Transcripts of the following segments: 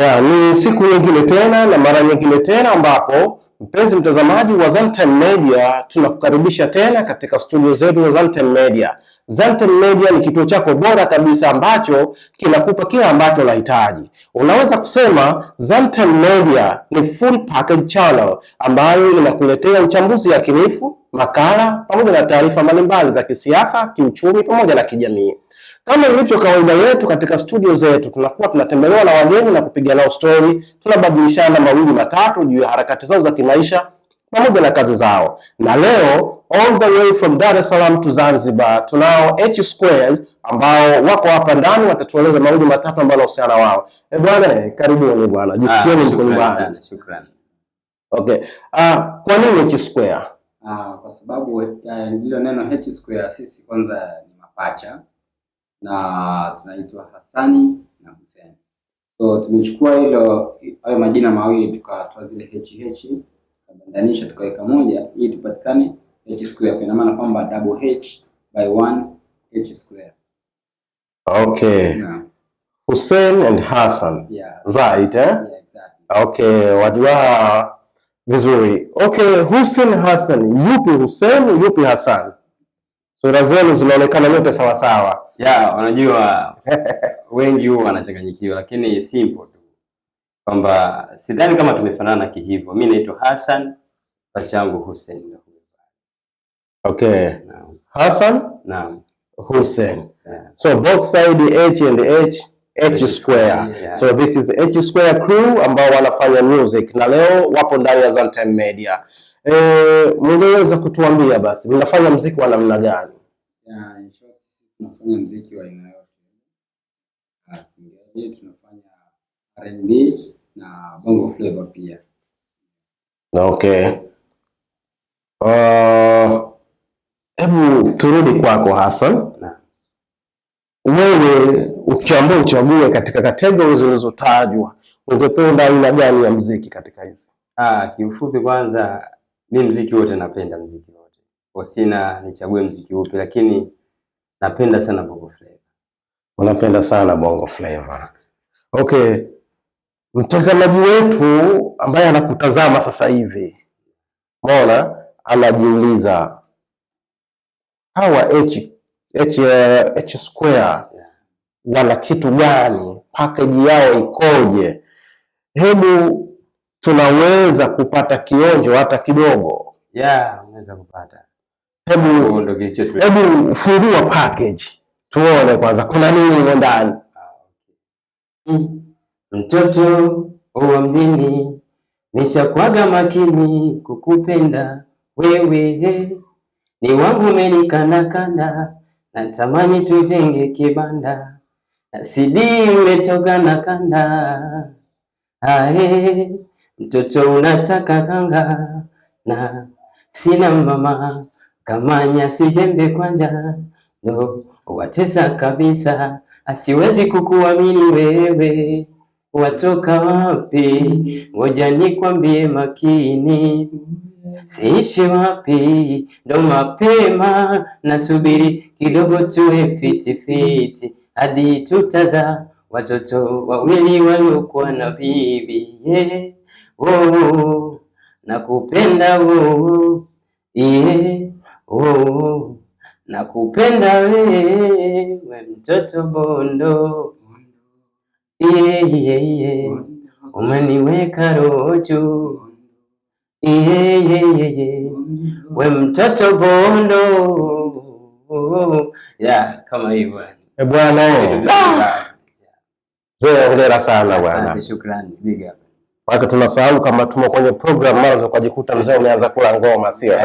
Ya, ni siku nyingine tena na mara nyingine tena ambapo mpenzi mtazamaji wa Zantime Media tunakukaribisha tena katika studio zetu za Zantime Media. Zantime Media ni kituo chako bora kabisa ambacho kinakupa kila ambacho unahitaji. Unaweza kusema Zantime Media ni full package channel ambayo inakuletea uchambuzi yakinifu, makala pamoja na taarifa mbalimbali za kisiasa, kiuchumi pamoja na kijamii. Kama ilivyo kawaida yetu katika studio zetu, tunakuwa tunatembelewa na wageni na kupiga nao stori, tunabadilishana mawili matatu juu ya harakati zao za kimaisha pamoja na kazi zao. Na leo all the way from Dar es Salaam to Zanzibar tunao H Squares ambao wako hapa ndani, watatueleza mawili matatu ambayo yanahusiana wao. Eh bwana, eh, karibuni bwana, jisikieni ah, mko nyumbani. Shukrani. Okay, Ah, uh, kwa nini H Square? Ah, kwa sababu eh, ndilo uh, neno H Square sisi kwanza ni mapacha na tunaitwa Hassani na Hussein. So tumechukua hilo hayo majina mawili tukatoa zile HH tukabandanisha tukaweka moja ili tupatikane h square, kwa maana kwamba double h by 1 h square. Okay. Yeah. Hussein and Hassan. Yeah. Right, eh? Yeah, exactly. Okay, wajua vizuri. Okay, Hussein Hassan, yupi Hussein, yupi Hassan? sura zenu zinaonekana nyote sawa sawa. Ya, unajua wengi huwa wanachanganyikiwa, lakini simple tu kwamba sidhani kama tumefanana kihivyo. Mimi naitwa Hassan, basi yangu Hussein. Okay. Naam. Hassan? Naam. Hussein. Yeah. So both side H and H H square. Yeah. So this is H square crew ambao wanafanya music na leo wapo ndani ya Zantime Media eh, mngeweza kutuambia basi mnafanya mziki wa namna gani? Tunafanya mziki wa ah, tunafanya R&B na bongo flavor pia. Okay, ah, hebu uh, turudi kwako Hassan na. Wewe ukiambiwa uchague katika kategori zilizotajwa ungependa aina gani ya mziki katika hizi? Ah, kiufupi kwanza Mi mziki wote napenda, mziki wote wasina nichague mziki upi, lakini napenda sana bongo flava. Unapenda sana bongo flava. Okay, mtazamaji wetu ambaye anakutazama sasa hivi, mona anajiuliza hawa H, H, H square wana kitu gani? Package yao ikoje? Hebu tunaweza kupata kionjo hata kidogo? Yeah, unaweza kupata. Hebu hebu fungua package tuone kwanza kuna nini ndani. Ah, Mtoto wa mjini nishakwaga makini kukupenda wewe, ni wangu menikanakana, natamani tujenge kibanda na sidi umetoka na kanda ae mtoto unataka kanga na sina mama kama nyasi jembe kwanja no watesa kabisa asiwezi kukuamini wewe watoka wapi? Ngoja nikwambie makini, siishi wapi ndo mapema, nasubiri kidogo tuwe fitifiti hadi tutaza watoto wawili waliokuwa na bibi yeah oh, nakupenda oh, yeah, oh, nakupenda wewe mtoto Bondo yeah, yeah, yeah. Umeniweka roho juu yeah, yeah, yeah, yeah. We mtoto Bondo yeah, kama hivyo eh, bwana. Eh. Ah! Hongera sana bwana. Shukrani, big up. Maana tunasahau kama tumo kwenye program nazo kujikuta mzee umeanza kula ngoma, sio?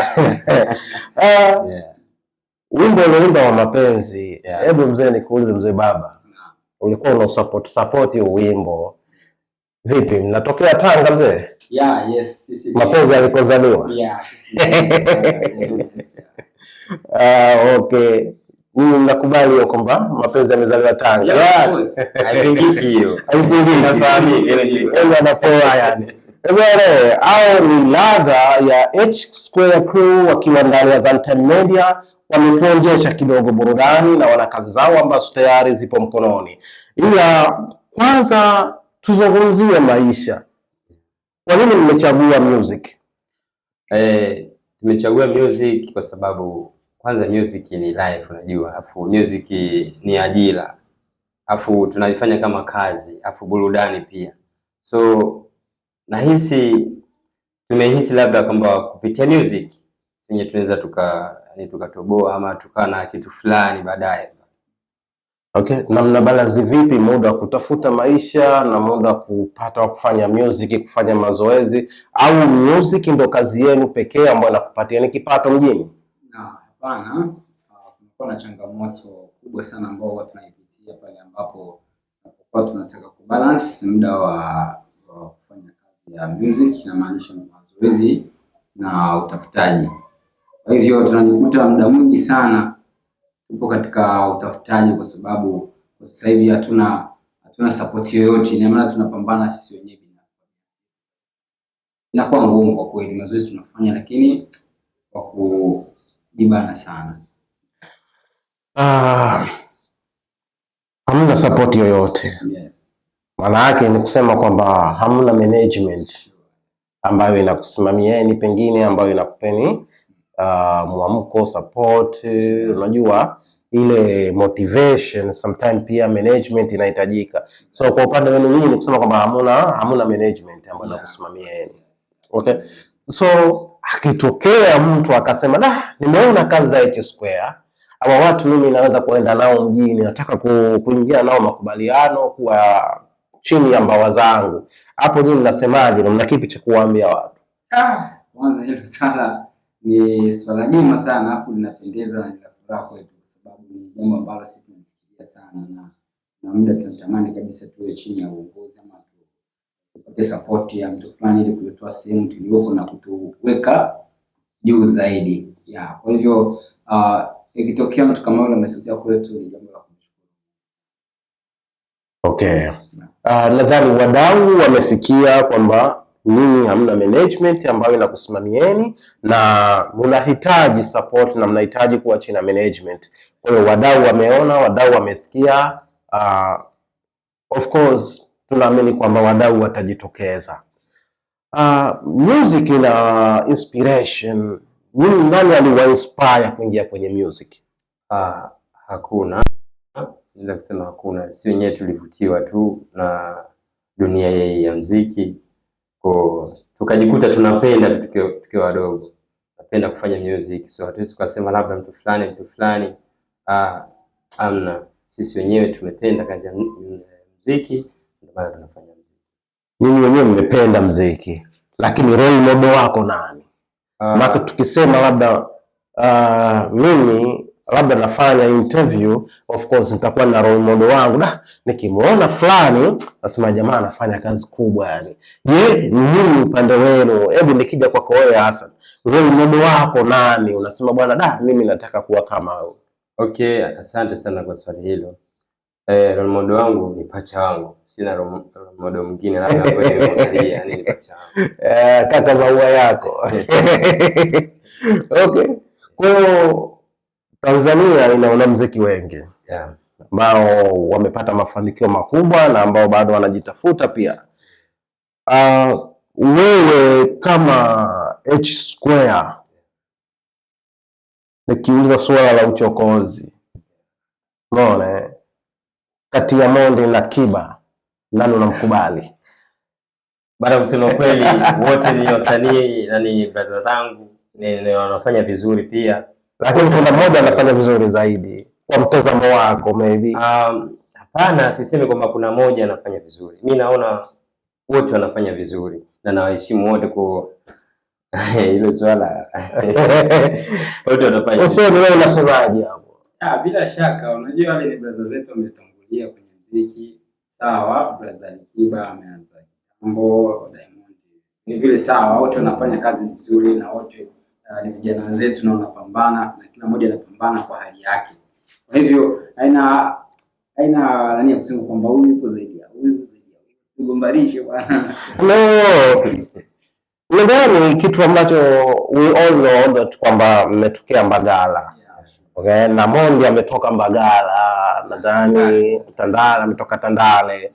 Wimbo ulioimba wa mapenzi, hebu yeah. Mzee nikuulize, mzee baba, ulikuwa una support support wimbo vipi? Mnatokea Tanga mzee? yeah, yes, sisi mapenzi alikozaliwa. yeah, sisi, yeah, yes, Uh, okay Nakubali kwamba mapenzi yamezaliwa Tanga, anapoa yani au ni ladha ya H Square Crew wakiwa ndani ya Zantime Media wametuonjesha kidogo burudani na wana kazi zao ambazo tayari zipo mkononi, ila kwanza tuzungumzie maisha. Kwa nini mmechagua music? Eh, tumechagua music kwa sababu kwanza music ni life, unajua, afu music ni ajira, afu tunaifanya kama kazi, afu burudani pia. So nahisi tumehisi labda kwamba kupitia music sinye tunaweza tuka ni yaani tukatoboa ama tukaa na kitu fulani baadaye. Okay, na mna balance vipi muda wa kutafuta maisha na muda wa kupata wa kufanya music, kufanya mazoezi, au music ndo kazi yenu pekee ambayo ni kipato mjini? hapana. Uh, kumekuwa na changamoto kubwa sana ambao huwa tunaipitia pale ambapo tunapokuwa tunataka kubalance muda wa, kufanya kazi ya music, inamaanisha mazoezi na utafutaji. Kwa hivyo tunajikuta muda mwingi sana tupo katika utafutaji, kwa sababu kwa sasa hivi hatuna hatuna support yoyote, ina maana tunapambana sisi wenyewe inakuwa ngumu kwa kweli. Mazoezi tunafanya lakini kwa ku jibana sana. Ah, hamna support yoyote yes. Maana yake ni kusema kwamba hamna management ambayo inakusimamieni pengine ambayo inakupeni uh, mwamko support, unajua ile motivation sometime pia management inahitajika. So kwa upande wenu nyinyi ni kusema kwamba hamuna hamuna management ambayo inakusimamieni. Okay, so akitokea mtu akasema da, nimeona kazi za H Square ama watu mimi naweza kuenda nao mjini, nataka kuingia nao makubaliano kuwa chini ya mbawa zangu, hapo nyinyi mnasemaje? Mna kipi cha kuwaambia watu? Ah, kwanza hilo swala ni swala jema sana, afu linapendeza na lina furaha kwetu, kwa sababu ni jambo ambalo sisi tunafikiria sana na na muda tunatamani kabisa tuwe chini ya uongozi ama tupate support ya mtu fulani ili kutoa sehemu tuliopo na kutuweka juu zaidi. Ya, kwa hivyo uh, ikitokea mtu kama yule ametokea kwetu ni jambo la kumshukuru. Okay. Uh, nadhani wadau wamesikia kwamba ninyi hamna management ambayo inakusimamieni na mnahitaji support na mnahitaji kuwa chini ya management. Kwa hiyo wadau wameona, wadau wamesikia, uh, of course tunaamini kwamba wadau watajitokeza. Uh, music ina inspiration. Nini, nani inspire kuingia kwenye music? Ah, hakuna naweza kusema hakuna, si wenyewe tulivutiwa tu na dunia hii ya mziki kwa tukajikuta tunapenda tukiwa wadogo, napenda kufanya music, so hatuwezi tukasema labda mtu fulani mtu fulani. Ah, amna, sisi wenyewe tumependa kazi ya mziki bado tunafanya muziki. Nyinyi wenyewe mmependa muziki, lakini role model wako nani? Uh, Maana tukisema labda uh, mimi labda nafanya interview, of course nitakuwa na role model wangu, na nikimuona fulani nasema jamaa anafanya kazi kubwa yani. Je, ni nini upande wenu, hebu nikija kwako wewe Hassan, role model wako nani? Unasema bwana da, mimi nataka kuwa kama wewe. Okay, asante sana kwa swali hilo. Eh, role model wangu ni pacha wangu, sina role model mwingine labda yani ni pacha wangu. Eh, kata maua yako okay. Kwa hiyo Tanzania ina wanamuziki wengi ambao yeah, wamepata mafanikio makubwa na ambao bado wanajitafuta pia. Uh, wewe kama H Square, nikiuliza suala la uchokozi, unaona eh? kati ya Monde na Kiba nani unamkubali? Bado kusema kweli, wote ni wasanii na ni brada zangu, ni wanafanya vizuri pia, lakini kuna mmoja anafanya vizuri zaidi kwa mtazamo wako maybe? Um, hapana, sisemi kwamba kuna mmoja anafanya vizuri. Mi naona wote wanafanya vizuri na nawaheshimu wote kwa hilo swala wote wanafanya. wewe unasemaje hapo? Ah, bila shaka unajua wale ni brada zetu wametangulia kuingia kwenye mziki sawa, Brother Alikiba ameanza kitambo, Diamond ni vile sawa, wote wanafanya kazi nzuri na wote uh, ni vijana wenzetu na wanapambana na kila mmoja anapambana kwa hali yake. Kwa hivyo haina haina nani ya kusema kwamba huyu yuko zaidi ya huyu zaidi ya huyu, sigombanishe bwana no. Nadhani kitu ambacho we all know that kwamba mmetokea Mbagala yeah. Okay, na Mondi ametoka Mbagala nadhani, Tandale ametoka Tandale.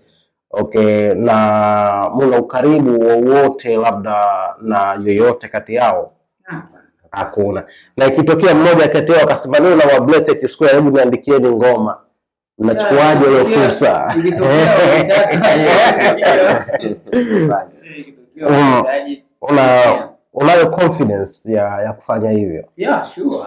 Okay, na muna ukaribu wowote labda na yoyote kati yao? Hakuna. Na ikitokea mmoja kati yao akasema leo na Blessed Square, hebu niandikieni ngoma, mnachukuaje hiyo fursa? Unayo confidence ya, ya kufanya hivyo? Yeah, sure.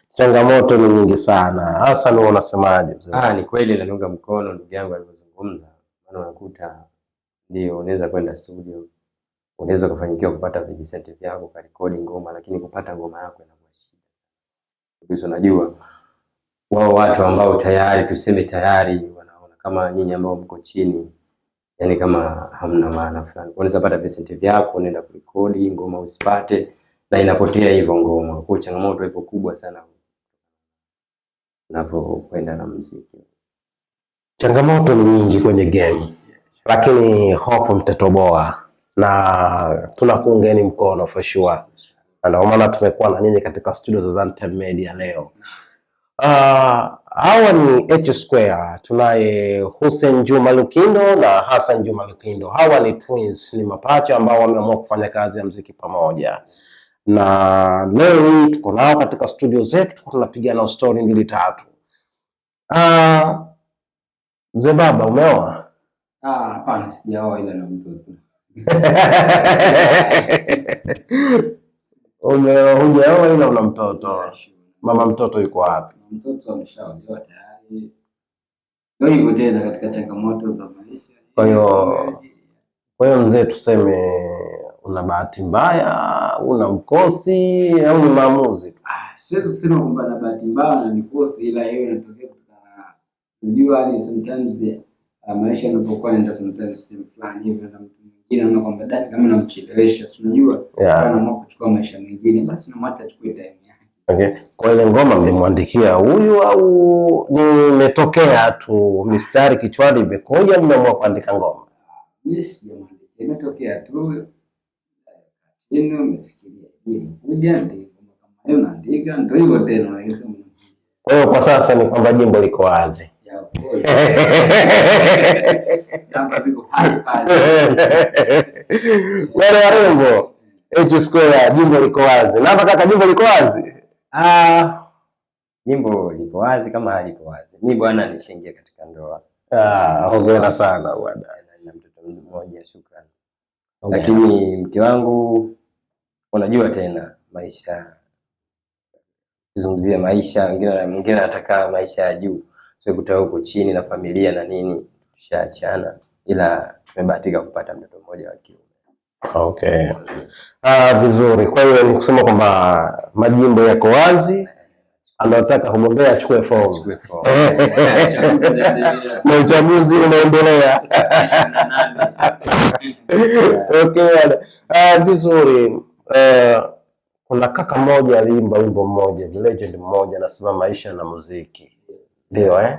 changamoto ni nyingi sana. Hasan, wewe unasemaje? Ah, ni kweli nanunga mkono ndugu yangu alivyozungumza, maana unakuta ndio unaweza kwenda studio, unaweza kufanikiwa kupata vijisenti vyako kwa ukarekodi ngoma, lakini kupata ngoma yako inakuwa shida. Hizo najua wao watu ambao tayari tuseme tayari wanaona kama nyinyi ambao mko chini yani kama hamna maana fulani. Unaweza pata visenti vyako, unaenda kurekodi ngoma usipate, na inapotea hivyo ngoma. Kwa changamoto ipo kubwa sana unavyokwenda na mziki. Changamoto ni nyingi kwenye game, lakini hope mtatoboa na tunakuungeni mkono for sure, na ndio maana tumekuwa na nyinyi katika studio za Zantime Media leo. Uh, hawa ni H Square, tunaye Hussein Juma Lukindo na Hassan Juma Lukindo. Hawa ni twins, ni mapacha ambao wameamua kufanya kazi ya mziki pamoja na leo hii tuko nao katika studio zetu, tuko tunapiga nao story mbili tatu. Ah, mzee baba, umeoa? Ah, hapana, sijaoa ila na mtoto. Umeoa? Hujaoa ila una mtoto. Ah, Mama mtoto yuko wapi? Mtoto ameshaolewa tayari. Ndio hivyo tena katika changamoto za maisha. Kwa hiyo kwa hiyo mzee, tuseme una bahati mbaya, una mkosi au ni maamuzi tu? Ah, siwezi kusema kwamba na bahati mbaya na mikosi, ila hiyo inatokea kutokana, unajua ni sometimes ah, maisha yanapokuwa yanapokwenda, sometimes sehemu fulani hivi na mtu mwingine anaona kwamba dani kama namchelewesha, si unajua anaamua kuchukua maisha mengine, basi namwacha achukue time Okay. Kwa ile ngoma mlimwandikia huyu au nimetokea tu mistari kichwani imekoja, mnaamua kuandika ngoma? Yes, ah, imetokea tu. Ino umefikiria ndivyo, naandika ndio hivyo tena. Kwa hiyo kwa sasa ni kwamba jimbo liko wazi wale warembo H square, jimbo liko wazi. Na kaka, jimbo liko wazi. Ah, jimbo liko wazi kama halipo wazi. Mi bwana nishaingia katika ndoa. Ah, sana bwana. Na mtoto mmoja, shukrani. Lakini mke wangu unajua tena maisha zungumzia maisha, mwingine anataka maisha ya juu, sio kutoka huko chini na familia na nini, tushaachana, ila tumebahatika kupata mtoto mmoja wa kiume. Okay. Ah, vizuri. Kwa hiyo ni kusema kwamba majimbo yako wazi, anataka kugombea achukue fomu na uchaguzi unaendelea. Okay, ah, vizuri. Eh, kuna kaka mmoja aliimba wimbo mmoja, ni legend mmoja, nasema maisha na muziki ndio eh?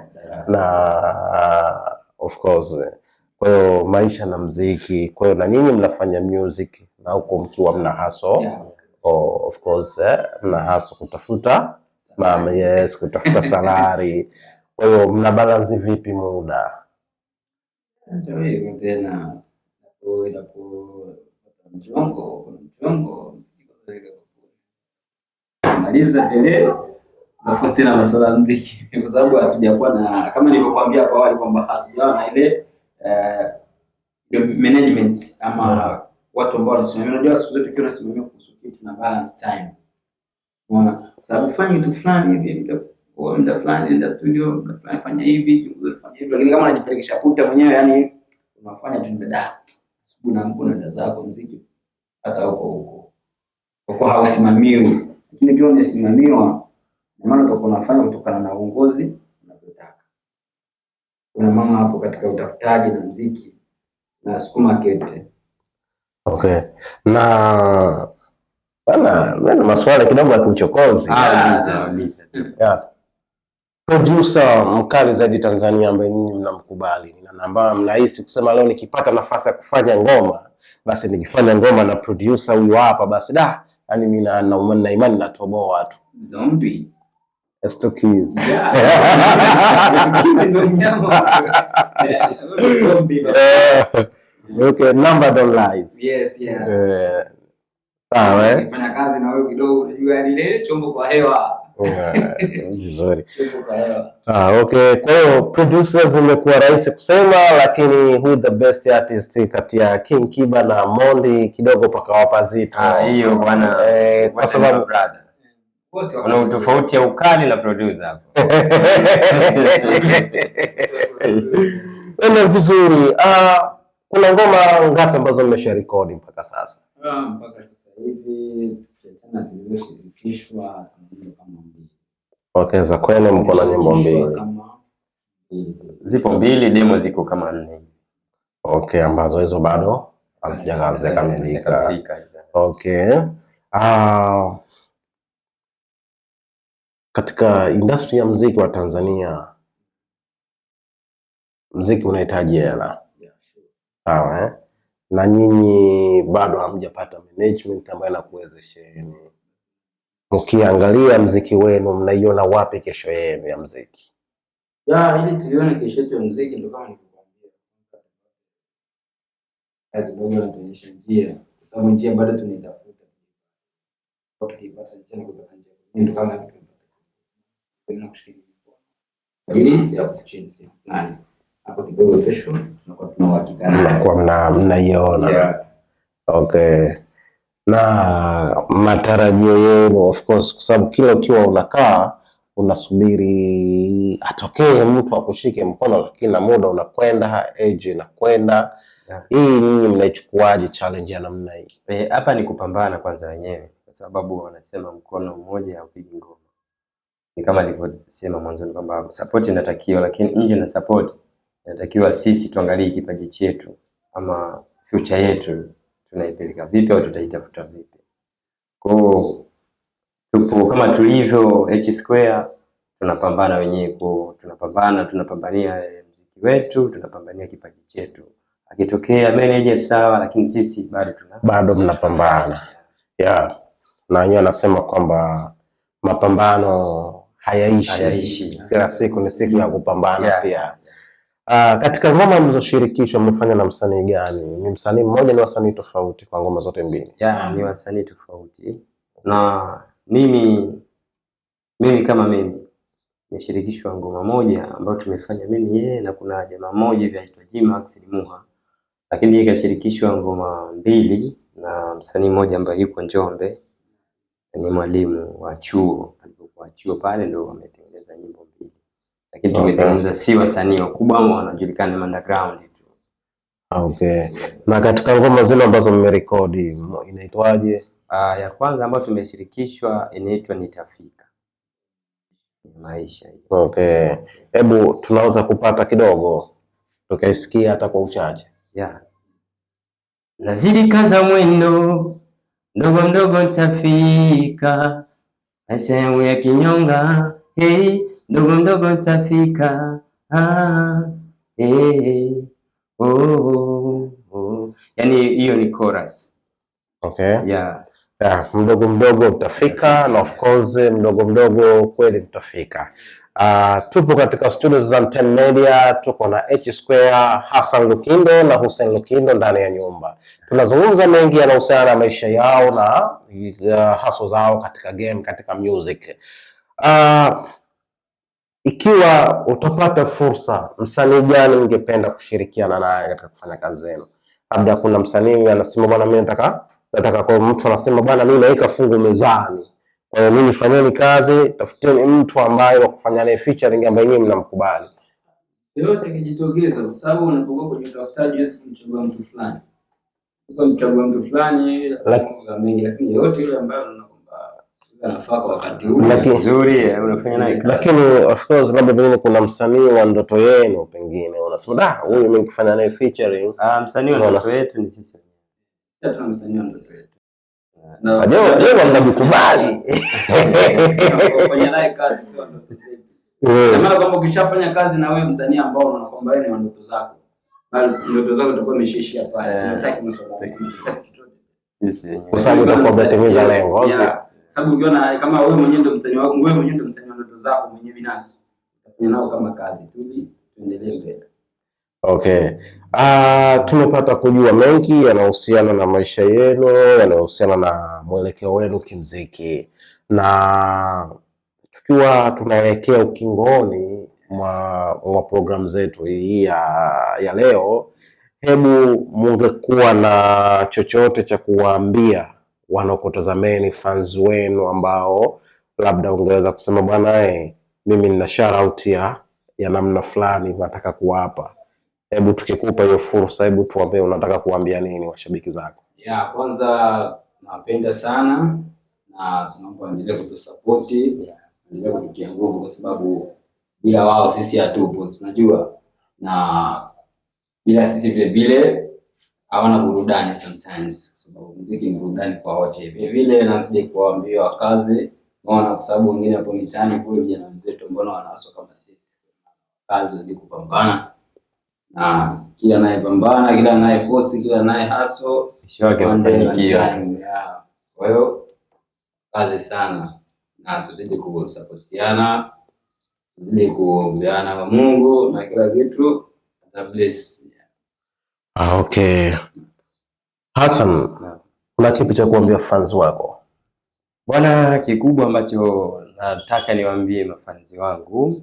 na of course eh. kwa hiyo maisha na mziki, kwa hiyo na nyinyi mnafanya music na huko mkiwa mna haso yeah. Oh, of course eh, mna haso kutafuta mama, yes, kutafuta salari kwa hiyo mna balance vipi muda maliza tele alafu tena masuala ya muziki, kwa sababu hatujakuwa na kama nilivyokuambia hapo awali kwamba hatujawa na ile uh, management ama yeah. watu ambao wanasimamia. Unajua siku zote ukiwa unasimamia kuhusu kitu na balance time, unaona, sababu fanya kitu fulani hivi kwa muda fulani, nenda studio, muda fulani fanya hivi, chunguza fanya hivi, lakini kama anajipelekesha puta mwenyewe, yani unafanya tu mbeda asubuhi na mkono ndio zako muziki hata huko huko huko hausimamiwi, lakini pia unasimamiwa, na maana utakuwa unafanya kutokana na uongozi unavyotaka. Kuna mama hapo katika utafutaji na mziki na sukuma kete. Okay, na bana, maswali kidogo ya kiuchokozi. Ah, uliza uliza Yeah producer mkali zaidi Tanzania ambaye ninyi mnamkubali na ambaye mnahisi kusema leo nikipata nafasi ya kufanya ngoma basi nikifanya ngoma na producer huyu hapa basi da, yani mimi na na imani na, natoboa watu. Zombie Stokies. Zombie. Eh, okay, number don't lies. Yes, yeah. Eh. Sawa. Eh? Fanya kazi na wewe kidogo unajua ile chombo kwa hewa. Eh, vizuri. Ah, okay. Kwa hiyo producers imekuwa rahisi kusema, lakini who the best artist kati ya King Kiba na Mondi kidogo pakawapa zito. Ah, hiyo bwana. Eh, kwa sababu kuna utofauti ya ukali na producer hapo. Ela vizuri. Ah, kuna ngoma ngapi ambazo mmesharekodi mpaka sasa? mpaka sasa hivi tukiachana tulivyoshirikishwa nyimbo kama mbili. Okay, za kwenu mko na nyimbo mbili, zipo mbili, demo ziko kama nne. Okay, ambazo hizo bado hazijakamilika. Okay. Ah, katika industry ya mziki wa Tanzania mziki unahitaji hela, sawa eh? na nyinyi bado hamjapata management ambayo inakuwezesheni. Mkiangalia mziki wenu, mnaiona wapi kesho yenu ya mziki? Ya, ili tuione kesho yetu ya mziki ndio kama nilivyokuambia, sababu njia bado tunaitafuta. Tukiipata hapo kidogo kesho mna mnaiona yeah. Okay, na matarajio yenu of course, kwa sababu kila ukiwa unakaa unasubiri atokeze mtu akushike mkono, lakini na muda unakwenda, age inakwenda yeah. Hii nyinyi mnaichukuaje challenge ya namna hii? Eh, hapa ni kupambana kwanza wenyewe, kwa sababu wanasema mkono mmoja haupigi ngoma. Ni kama nilivyosema mwanzoni kwamba support inatakiwa, lakini nje na support inatakiwa sisi tuangalie kipaji chetu ama future yetu tunaipeleka vipi au tutaitafuta vipi. Kwa hiyo tupo kama tulivyo H Square, tunapambana wenyewe, kwa tunapambana, tunapambania mziki wetu, tunapambania kipaji chetu. Akitokea manager sawa, lakini sisi bado tuna bado mnapambana yeah. Na wenyewe anasema kwamba mapambano hayaishi, hayaishi. Kila siku ni siku ya kupambana pia Ah, katika ngoma mlizoshirikishwa mmefanya na msanii gani? Ni msanii mmoja, ni wasanii tofauti kwa ngoma zote mbili? Yeah, ni wasanii tofauti, na mimi mimi kama mimi nimeshirikishwa ngoma moja ambayo tumefanya mimi yeye na kuna jamaa mmoja hivi anaitwa Jimax Limuha, lakini yeye kashirikishwa ngoma mbili na msanii mmoja ambaye yuko Njombe, ni mwalimu wa chuo, alipokuwa chuo pale ndio ametengeneza nyimbo lakini tumezungumza si wasanii wakubwa ama wanajulikana underground tu. Ah, okay. Na katika ngoma zile ambazo mmerekodi inaitwaje? Uh, ya kwanza ambayo tumeshirikishwa inaitwa Nitafika maisha. Okay. Hebu tunaweza kupata kidogo tukaisikia hata kwa uchache yeah. Nazidi kaza mwendo ndogo ndogo, nitafika maisha yangu ya kinyonga hey ndogo ndogo tafika. Ah, eh, oh, oh, oh. Yani hiyo ni chorus. Okay. Yeah. Yeah, mdogo mdogo mtafika na of course mdogo mdogo kweli mtafika. Uh, ah, tupo katika studio za Mtemi Media, tuko na H Square Hassan Lukindo na Hussein Lukindo ndani ya nyumba. Tunazungumza mengi yanahusiana na maisha yao na uh, haso zao katika game, katika music. Uh, ikiwa utapata fursa, msanii gani ungependa kushirikiana naye katika kufanya kazi zenu? Labda kuna msanii anasema bwana, mimi nataka nataka, kwa mtu anasema bwana, mimi naika fungu mezani, kwa hiyo mimi fanyeni kazi, tafuteni mtu ambaye wa kufanya naye featuring ambaye nyinyi mnamkubali. Yote kijitokeza, kwa sababu unapokuwa kwenye utafutaji huwezi kumchagua mtu fulani, kwa mchagua mtu fulani, lakini yote yule ambaye Eh, lakini of course labda pengine kuna msanii wa ndoto yenu, pengine unasema da, huyu mimi nikifanya naye featuring. Ah, msanii wa ndoto yetu ni sisi wenyewe, mnajikubali eh. kwamba ukishafanya kazi na wewe msanii ambao unaona kwamba wewe ni ndoto zako, ndoto zako itakuwa imeshaishia pale, eh. kwa sababu utakuwa umetimiza lengo sababu ukiona kama wewe mwenyewe ndio msanii wako, wewe mwenyewe ndio msanii wa ndoto zako mwenyewe binafsi, utafanya nao kama kazi tu, tuendelee mbele. Okay. Uh, ah, tumepata kujua mengi yanahusiana na maisha yenu, yanayohusiana na mwelekeo wenu kimziki, na tukiwa tunaelekea ukingoni mwa, mwa programu zetu hii ya, ya leo, hebu mungekuwa na chochote cha kuwaambia wanaokutazameni fans wenu ambao labda ungeweza kusema bwana, eh, mimi nina shout ya ya namna fulani nataka kuwapa. Hebu tukikupa hiyo fursa, hebu tuambie unataka kuambia nini washabiki zako? Yeah, kwanza nawapenda sana na tunaomba endelee kutusupport, endelee kututia nguvu kwa sababu bila wao sisi hatupo, unajua na bila sisi vile vile hawana burudani sometimes, kwa sababu muziki ni burudani kwa wote. Vile vile nazidi kuwaambia wakaze, naona kwa sababu wengine hapo mitaani kule vijana wenzetu, mbona wanaaswa kama sisi? Kazi wazidi kupambana na kila anayepambana, kila force, kila anaye haso kesho yake anafanikiwa. Kwa hiyo kazi sana, na tuzidi kusapotiana, tuzidi kuombeana kwa Mungu na kila kitu na bless Ah, okay. Hassan, una kipi cha kuambia fans wako? Bwana, kikubwa ambacho nataka niwaambie mafanzi wangu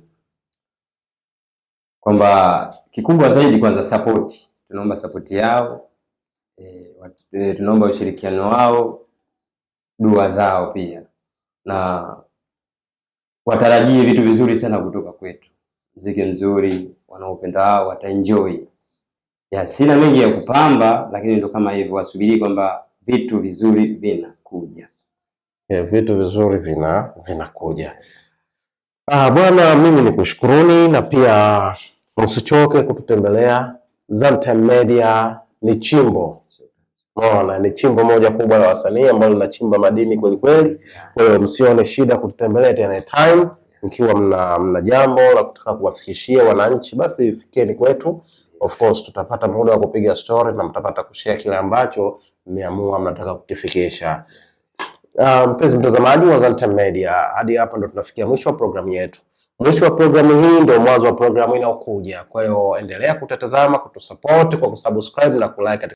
kwamba kikubwa zaidi, kwanza sapoti, tunaomba sapoti yao e, e, tunaomba ushirikiano wao, dua zao pia, na watarajie vitu vizuri sana kutoka kwetu, mziki mzuri wanaopenda wao wataenjoy ya sina mengi ya kupamba, lakini ndo kama hivyo, wasubiri kwamba vitu vizuri vinakuja. Yeah, vitu vizuri vina vinakuja. Ah, bwana, mimi ni kushukuruni na pia msichoke kututembelea Zantime Media. Ni chimbo Mona, ni chimbo moja kubwa la wasanii ambalo linachimba madini kweli kweli. Kwa hiyo msione shida kututembelea tena time, mkiwa mna, mna jambo la kutaka kuwafikishia wananchi, basi fikeni kwetu. Of course tutapata muda wa kupiga story na mtapata kushare kile ambacho mmeamua mnataka kukifikisha. Ah, mpenzi um, mtazamaji wa Zantime Media, hadi hapa ndo tunafikia mwisho wa programu yetu. Mwisho wa programu hii ndio mwanzo wa programu inayokuja, kwa hiyo endelea kutatazama, kutusupport kwa kusubscribe na kulike.